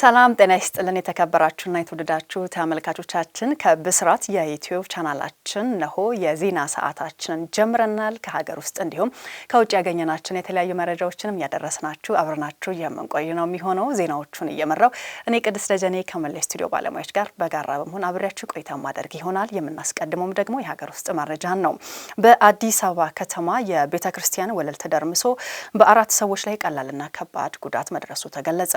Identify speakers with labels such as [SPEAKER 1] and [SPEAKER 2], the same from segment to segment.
[SPEAKER 1] ሰላም ጤና ይስጥልን። የተከበራችሁና የተወደዳችሁ ተመልካቾቻችን ከብስራት የዩትዩብ ቻናላችን ነሆ የዜና ሰዓታችንን ጀምረናል። ከሀገር ውስጥ እንዲሁም ከውጭ ያገኘናችን የተለያዩ መረጃዎችንም እያደረስናችሁ አብረናችሁ የምንቆይ ነው የሚሆነው። ዜናዎቹን እየመራው እኔ ቅድስት ደጀኔ ከመላይ ስቱዲዮ ባለሙያዎች ጋር በጋራ በመሆን አብሬያችሁ ቆይታ ማደርግ ይሆናል። የምናስቀድመውም ደግሞ የሀገር ውስጥ መረጃን ነው። በአዲስ አበባ ከተማ የቤተ ክርስቲያን ወለል ተደርምሶ በአራት ሰዎች ላይ ቀላልና ከባድ ጉዳት መድረሱ ተገለጸ።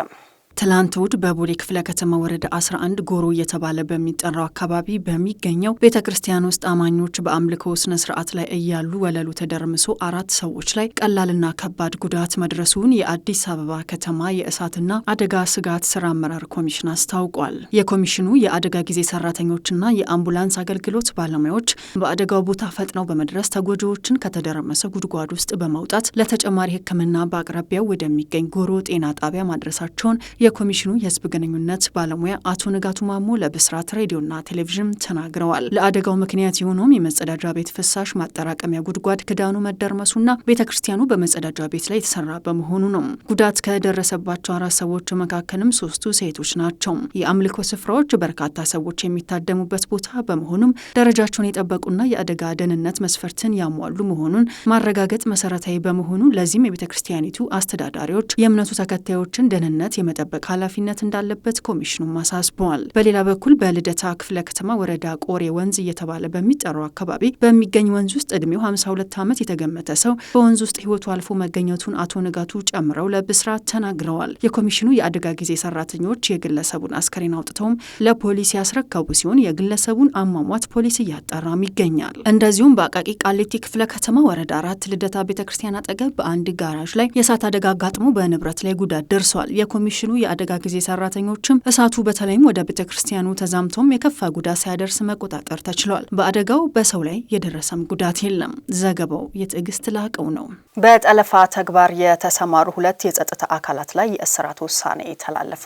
[SPEAKER 2] ትላንት እሁድ በቦሌ ክፍለ ከተማ ወረዳ 11 ጎሮ እየተባለ በሚጠራው አካባቢ በሚገኘው ቤተ ክርስቲያን ውስጥ አማኞች በአምልኮ ስነ ስርዓት ላይ እያሉ ወለሉ ተደርምሶ አራት ሰዎች ላይ ቀላልና ከባድ ጉዳት መድረሱን የአዲስ አበባ ከተማ የእሳትና አደጋ ስጋት ስራ አመራር ኮሚሽን አስታውቋል። የኮሚሽኑ የአደጋ ጊዜ ሰራተኞችና የአምቡላንስ አገልግሎት ባለሙያዎች በአደጋው ቦታ ፈጥነው በመድረስ ተጎጂዎችን ከተደረመሰ ጉድጓድ ውስጥ በማውጣት ለተጨማሪ ሕክምና በአቅራቢያው ወደሚገኝ ጎሮ ጤና ጣቢያ ማድረሳቸውን የኮሚሽኑ የህዝብ ግንኙነት ባለሙያ አቶ ንጋቱ ማሞ ለብስራት ሬዲዮና ቴሌቪዥን ተናግረዋል። ለአደጋው ምክንያት የሆነውም የመጸዳጃ ቤት ፍሳሽ ማጠራቀሚያ ጉድጓድ ክዳኑ መደርመሱና ቤተ ክርስቲያኑ በመጸዳጃ ቤት ላይ የተሰራ በመሆኑ ነው። ጉዳት ከደረሰባቸው አራት ሰዎች መካከልም ሶስቱ ሴቶች ናቸው። የአምልኮ ስፍራዎች በርካታ ሰዎች የሚታደሙበት ቦታ በመሆኑም ደረጃቸውን የጠበቁና የአደጋ ደህንነት መስፈርትን ያሟሉ መሆኑን ማረጋገጥ መሰረታዊ በመሆኑ ለዚህም የቤተ ክርስቲያኒቱ አስተዳዳሪዎች የእምነቱ ተከታዮችን ደህንነት የመጠበቅ የማስጠበቅ ኃላፊነት እንዳለበት ኮሚሽኑም አሳስበዋል። በሌላ በኩል በልደታ ክፍለ ከተማ ወረዳ ቆሬ ወንዝ እየተባለ በሚጠራው አካባቢ በሚገኝ ወንዝ ውስጥ እድሜው 52 ዓመት የተገመተ ሰው በወንዝ ውስጥ ህይወቱ አልፎ መገኘቱን አቶ ንጋቱ ጨምረው ለብስራት ተናግረዋል። የኮሚሽኑ የአደጋ ጊዜ ሰራተኞች የግለሰቡን አስከሬን አውጥተውም ለፖሊስ ያስረከቡ ሲሆን የግለሰቡን አሟሟት ፖሊስ እያጣራም ይገኛል። እንደዚሁም በአቃቂ ቃሊቲ ክፍለ ከተማ ወረዳ አራት ልደታ ቤተ ክርስቲያን አጠገብ በአንድ ጋራዥ ላይ የእሳት አደጋ አጋጥሞ በንብረት ላይ ጉዳት ደርሷል። የኮሚሽኑ የአደጋ ጊዜ ሰራተኞችም እሳቱ በተለይም ወደ ቤተ ክርስቲያኑ ተዛምቶም የከፋ ጉዳት ሳያደርስ መቆጣጠር ተችሏል። በአደጋው በሰው ላይ የደረሰም ጉዳት የለም። ዘገባው የትዕግስት ላቀው ነው።
[SPEAKER 1] በጠለፋ ተግባር የተሰማሩ ሁለት የጸጥታ አካላት ላይ የእስራት ውሳኔ ተላለፈ።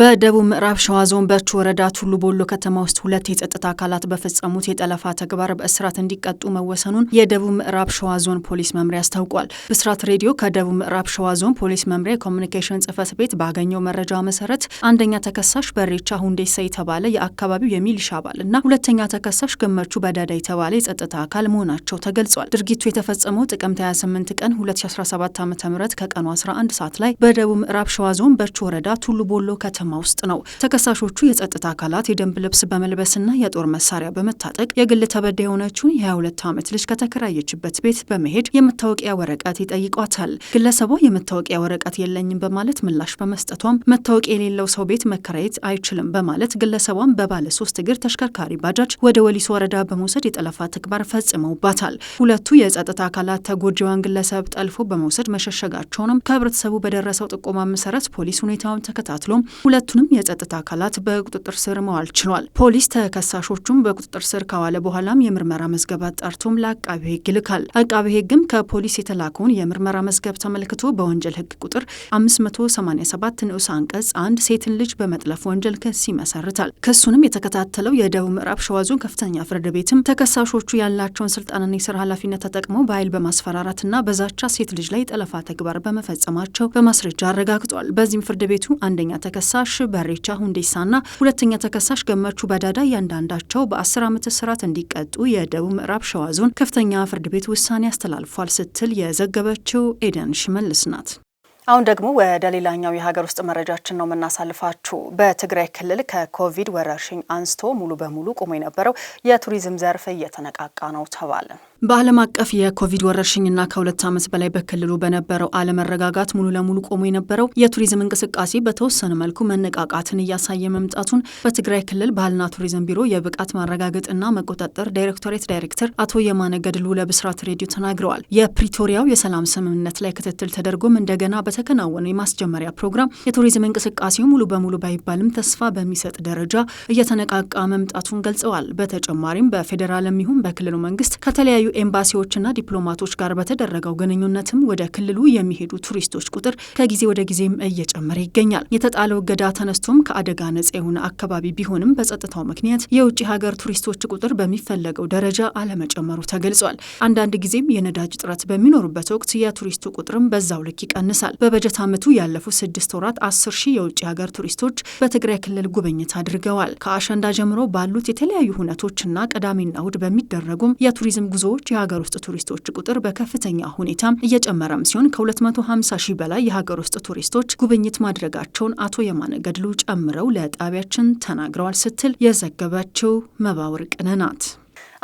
[SPEAKER 2] በደቡብ ምዕራብ ሸዋ ዞን በች ወረዳ ቱሉ ቦሎ ከተማ ውስጥ ሁለት የጸጥታ አካላት በፈጸሙት የጠለፋ ተግባር በእስራት እንዲቀጡ መወሰኑን የደቡብ ምዕራብ ሸዋ ዞን ፖሊስ መምሪያ አስታውቋል። ብስራት ሬዲዮ ከደቡብ ምዕራብ ሸዋ ዞን ፖሊስ መምሪያ የኮሚኒኬሽን ጽህፈት ቤት ባገኘው መረጃ መሰረት አንደኛ ተከሳሽ በሬቻ ሁንዴሳ የተባለ የአካባቢው የሚሊሻ አባል እና ሁለተኛ ተከሳሽ ገመቹ በዳዳ የተባለ የጸጥታ አካል መሆናቸው ተገልጿል። ድርጊቱ የተፈጸመው ጥቅምት 28 ቀን 2017 ዓ ም ከቀኑ 11 ሰዓት ላይ በደቡብ ምዕራብ ሸዋ ዞን በች ወረዳ ቱሉ ቦሎ ከተማ ከተማ ውስጥ ነው። ተከሳሾቹ የጸጥታ አካላት የደንብ ልብስ በመልበስና የጦር መሳሪያ በመታጠቅ የግል ተበዳይ የሆነችውን የ22 ዓመት ልጅ ከተከራየችበት ቤት በመሄድ የመታወቂያ ወረቀት ይጠይቋታል። ግለሰቧ የመታወቂያ ወረቀት የለኝም በማለት ምላሽ በመስጠቷም መታወቂያ የሌለው ሰው ቤት መከራየት አይችልም በማለት ግለሰቧን በባለ ሶስት እግር ተሽከርካሪ ባጃጅ ወደ ወሊሶ ወረዳ በመውሰድ የጠለፋ ተግባር ፈጽመውባታል። ሁለቱ የጸጥታ አካላት ተጎጂዋን ግለሰብ ጠልፎ በመውሰድ መሸሸጋቸውንም ከህብረተሰቡ በደረሰው ጥቆማ መሰረት ፖሊስ ሁኔታውን ተከታትሎም ሁለቱንም የጸጥታ አካላት በቁጥጥር ስር መዋል ችሏል። ፖሊስ ተከሳሾቹም በቁጥጥር ስር ከዋለ በኋላም የምርመራ መዝገብ አጣርቶም ለአቃቢ ህግ ይልካል። አቃቢ ህግም ከፖሊስ የተላከውን የምርመራ መዝገብ ተመልክቶ በወንጀል ህግ ቁጥር 587 ንዑስ አንቀጽ አንድ ሴትን ልጅ በመጥለፍ ወንጀል ክስ ይመሰርታል። ክሱንም የተከታተለው የደቡብ ምዕራብ ሸዋ ዞን ከፍተኛ ፍርድ ቤትም ተከሳሾቹ ያላቸውን ስልጣንና የስራ ኃላፊነት ተጠቅመው በኃይል በማስፈራራትና በዛቻ ሴት ልጅ ላይ ጠለፋ ተግባር በመፈጸማቸው በማስረጃ አረጋግጧል። በዚህም ፍርድ ቤቱ አንደኛ ተከሳ ተከሳሽ በሬቻ ሁንዴሳና ሁለተኛ ተከሳሽ ገመቹ በዳዳ እያንዳንዳቸው በአስር ዓመት እስራት እንዲቀጡ የደቡብ ምዕራብ ሸዋ ዞን ከፍተኛ ፍርድ ቤት ውሳኔ አስተላልፏል ስትል የዘገበችው ኤደን ሽመልስ ናት።
[SPEAKER 1] አሁን ደግሞ ወደ ሌላኛው የሀገር ውስጥ መረጃችን ነው የምናሳልፋችሁ። በትግራይ ክልል ከኮቪድ ወረርሽኝ አንስቶ ሙሉ በሙሉ ቆሞ የነበረው የቱሪዝም ዘርፍ እየተነቃቃ ነው ተባለ።
[SPEAKER 2] በዓለም አቀፍ የኮቪድ ወረርሽኝና ከሁለት ዓመት በላይ በክልሉ በነበረው አለመረጋጋት ሙሉ ለሙሉ ቆሞ የነበረው የቱሪዝም እንቅስቃሴ በተወሰነ መልኩ መነቃቃትን እያሳየ መምጣቱን በትግራይ ክልል ባህልና ቱሪዝም ቢሮ የብቃት ማረጋገጥና መቆጣጠር ዳይሬክቶሬት ዳይሬክተር አቶ የማነ ገድሉ ለብስራት ሬዲዮ ተናግረዋል። የፕሪቶሪያው የሰላም ስምምነት ላይ ክትትል ተደርጎም እንደገና በተከናወነው የማስጀመሪያ ፕሮግራም የቱሪዝም እንቅስቃሴው ሙሉ በሙሉ ባይባልም ተስፋ በሚሰጥ ደረጃ እየተነቃቃ መምጣቱን ገልጸዋል። በተጨማሪም በፌዴራልም ይሁን በክልሉ መንግስት ከተለያዩ ኤምባሲዎችና ዲፕሎማቶች ጋር በተደረገው ግንኙነትም ወደ ክልሉ የሚሄዱ ቱሪስቶች ቁጥር ከጊዜ ወደ ጊዜም እየጨመረ ይገኛል። የተጣለው እገዳ ተነስቶም ከአደጋ ነጻ የሆነ አካባቢ ቢሆንም በጸጥታው ምክንያት የውጭ ሀገር ቱሪስቶች ቁጥር በሚፈለገው ደረጃ አለመጨመሩ ተገልጿል። አንዳንድ ጊዜም የነዳጅ እጥረት በሚኖርበት ወቅት የቱሪስቱ ቁጥርም በዛው ልክ ይቀንሳል። በበጀት ዓመቱ ያለፉት ስድስት ወራት አስር ሺህ የውጭ ሀገር ቱሪስቶች በትግራይ ክልል ጉብኝት አድርገዋል። ከአሸንዳ ጀምሮ ባሉት የተለያዩ ሁነቶችና ቅዳሜና እሁድ በሚደረጉም የቱሪዝም ጉዞዎች ቱሪስቶች የሀገር ውስጥ ቱሪስቶች ቁጥር በከፍተኛ ሁኔታ እየጨመረም ሲሆን ከ250 ሺህ በላይ የሀገር ውስጥ ቱሪስቶች ጉብኝት ማድረጋቸውን አቶ የማነ ገድሉ ጨምረው ለጣቢያችን ተናግረዋል ስትል የዘገበችው መባወር ቅንናት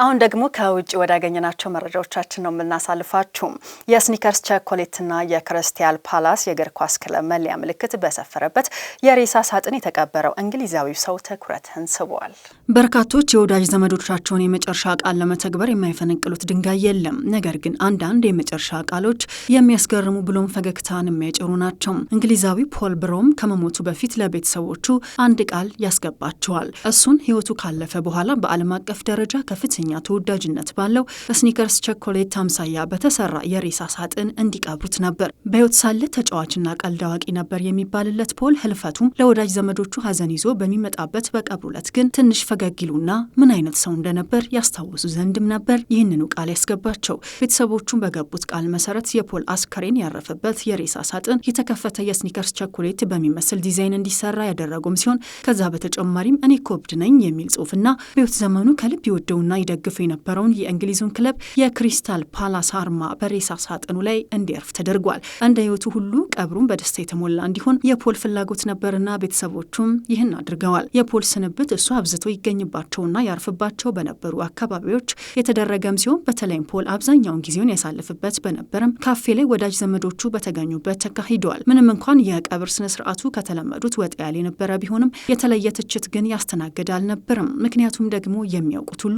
[SPEAKER 1] አሁን ደግሞ ከውጭ ወዳገኘናቸው መረጃዎቻችን ነው የምናሳልፋችሁ። የስኒከርስ ቸኮሌትና የክሪስታል ፓላስ የእግር ኳስ ክለብ መለያ ምልክት በሰፈረበት የሬሳ ሳጥን የተቀበረው እንግሊዛዊው ሰው ትኩረትን ስቧል።
[SPEAKER 2] በርካቶች የወዳጅ ዘመዶቻቸውን የመጨረሻ ቃል ለመተግበር የማይፈነቅሉት ድንጋይ የለም። ነገር ግን አንዳንድ የመጨረሻ ቃሎች የሚያስገርሙ ብሎም ፈገግታን የሚያጭሩ ናቸው። እንግሊዛዊ ፖል ብሮም ከመሞቱ በፊት ለቤተሰቦቹ አንድ ቃል ያስገባቸዋል። እሱን ህይወቱ ካለፈ በኋላ በዓለም አቀፍ ደረጃ ከፍተኛ ከፍተኛ ተወዳጅነት ባለው በስኒከርስ ቸኮሌት አምሳያ በተሰራ የሬሳ ሳጥን እንዲቀብሩት ነበር። በሕይወት ሳለ ተጫዋችና ቀልድ አዋቂ ነበር የሚባልለት ፖል ህልፈቱም ለወዳጅ ዘመዶቹ ሀዘን ይዞ በሚመጣበት በቀብሩ ዕለት ግን ትንሽ ፈገግ ይሉና ምን አይነት ሰው እንደነበር ያስታውሱ ዘንድም ነበር ይህንኑ ቃል ያስገባቸው። ቤተሰቦቹን በገቡት ቃል መሰረት የፖል አስከሬን ያረፈበት የሬሳ ሳጥን የተከፈተ የስኒከርስ ቸኮሌት በሚመስል ዲዛይን እንዲሰራ ያደረጉም ሲሆን ከዛ በተጨማሪም እኔ ኮብድ ነኝ የሚል ጽሁፍና በሕይወት ዘመኑ ከልብ ይወደውና ይደግ ሲደግፉ የነበረውን የእንግሊዙን ክለብ የክሪስታል ፓላስ አርማ በሬሳ ሳጥኑ ላይ እንዲያርፍ ተደርጓል። እንደ ህይወቱ ሁሉ ቀብሩም በደስታ የተሞላ እንዲሆን የፖል ፍላጎት ነበርና ቤተሰቦቹም ይህን አድርገዋል። የፖል ስንብት እሱ አብዝቶ ይገኝባቸውና ያርፍባቸው በነበሩ አካባቢዎች የተደረገም ሲሆን በተለይም ፖል አብዛኛውን ጊዜውን ያሳልፍበት በነበረም ካፌ ላይ ወዳጅ ዘመዶቹ በተገኙበት ተካሂደዋል። ምንም እንኳን የቀብር ስነ ስርዓቱ ከተለመዱት ወጥ ያለ የነበረ ቢሆንም የተለየ ትችት ግን ያስተናግድ አልነበርም። ምክንያቱም ደግሞ የሚያውቁት ሁሉ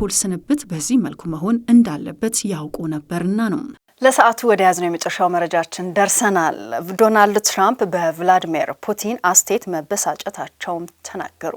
[SPEAKER 2] የሊቨርፑል ስንብት በዚህ መልኩ መሆን እንዳለበት ያውቁ ነበርና ነው።
[SPEAKER 1] ለሰዓቱ ወደ ያዝነው የመጨረሻው መረጃችን ደርሰናል። ዶናልድ ትራምፕ በቭላዲሚር ፑቲን አስቴት መበሳጨታቸውም ተናገሩ።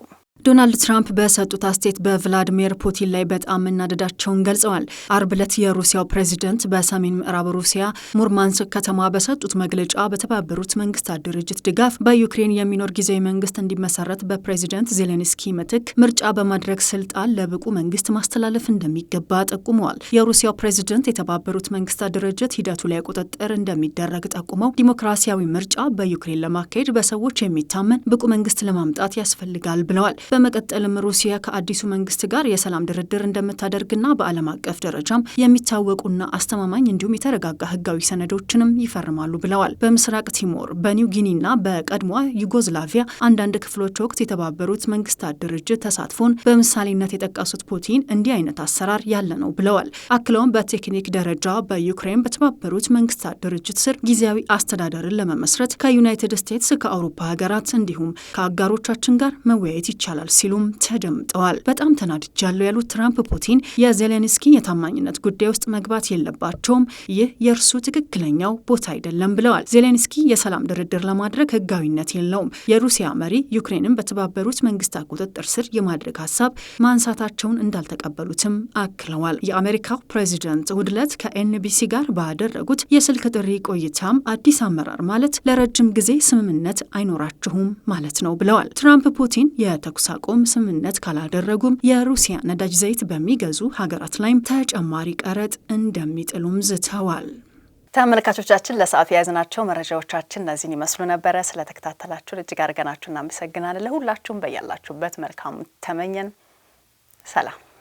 [SPEAKER 2] ዶናልድ ትራምፕ በሰጡት አስተያየት በቭላዲሚር ፑቲን ላይ በጣም መናደዳቸውን ገልጸዋል። አርብ ዕለት የሩሲያው ፕሬዚደንት በሰሜን ምዕራብ ሩሲያ ሙርማንስክ ከተማ በሰጡት መግለጫ በተባበሩት መንግስታት ድርጅት ድጋፍ በዩክሬን የሚኖር ጊዜያዊ መንግስት እንዲመሰረት በፕሬዚደንት ዜሌንስኪ ምትክ ምርጫ በማድረግ ስልጣን ለብቁ መንግስት ማስተላለፍ እንደሚገባ ጠቁመዋል። የሩሲያው ፕሬዚደንት የተባበሩት መንግስታት ድርጅት ሂደቱ ላይ ቁጥጥር እንደሚደረግ ጠቁመው ዲሞክራሲያዊ ምርጫ በዩክሬን ለማካሄድ በሰዎች የሚታመን ብቁ መንግስት ለማምጣት ያስፈልጋል ብለዋል። በመቀጠልም ሩሲያ ከአዲሱ መንግስት ጋር የሰላም ድርድር እንደምታደርግና በዓለም አቀፍ ደረጃም የሚታወቁና አስተማማኝ እንዲሁም የተረጋጋ ህጋዊ ሰነዶችንም ይፈርማሉ ብለዋል። በምስራቅ ቲሞር፣ በኒው ጊኒና በቀድሞ ዩጎዝላቪያ አንዳንድ ክፍሎች ወቅት የተባበሩት መንግስታት ድርጅት ተሳትፎን በምሳሌነት የጠቀሱት ፑቲን እንዲህ አይነት አሰራር ያለ ነው ብለዋል። አክለውም በቴክኒክ ደረጃ በዩክሬን በተባበሩት መንግስታት ድርጅት ስር ጊዜያዊ አስተዳደርን ለመመስረት ከዩናይትድ ስቴትስ ከአውሮፓ ሀገራት እንዲሁም ከአጋሮቻችን ጋር መወያየት ይቻላል ይቻላል ሲሉም ተደምጠዋል። በጣም ተናድጃለሁ ያሉት ትራምፕ ፑቲን የዜሌንስኪ የታማኝነት ጉዳይ ውስጥ መግባት የለባቸውም፣ ይህ የእርሱ ትክክለኛው ቦታ አይደለም ብለዋል። ዜሌንስኪ የሰላም ድርድር ለማድረግ ህጋዊነት የለውም፣ የሩሲያ መሪ ዩክሬንን በተባበሩት መንግስታት ቁጥጥር ስር የማድረግ ሀሳብ ማንሳታቸውን እንዳልተቀበሉትም አክለዋል። የአሜሪካው ፕሬዚደንት እሁድ ዕለት ከኤንቢሲ ጋር ባደረጉት የስልክ ጥሪ ቆይታም አዲስ አመራር ማለት ለረጅም ጊዜ ስምምነት አይኖራችሁም ማለት ነው ብለዋል። ትራምፕ ፑቲን የተኩስ የተኩስ አቁም ስምምነት ካላደረጉም የሩሲያ ነዳጅ ዘይት በሚገዙ ሀገራት ላይም ተጨማሪ ቀረጥ እንደሚጥሉም ዝተዋል።
[SPEAKER 1] ተመልካቾቻችን ለሰዓቱ የያዝናቸው መረጃዎቻችን እነዚህን ይመስሉ ነበረ። ስለተከታተላችሁን እጅግ አድርገናችሁ እናመሰግናለን። ለሁላችሁም በያላችሁበት መልካሙ ተመኘን። ሰላም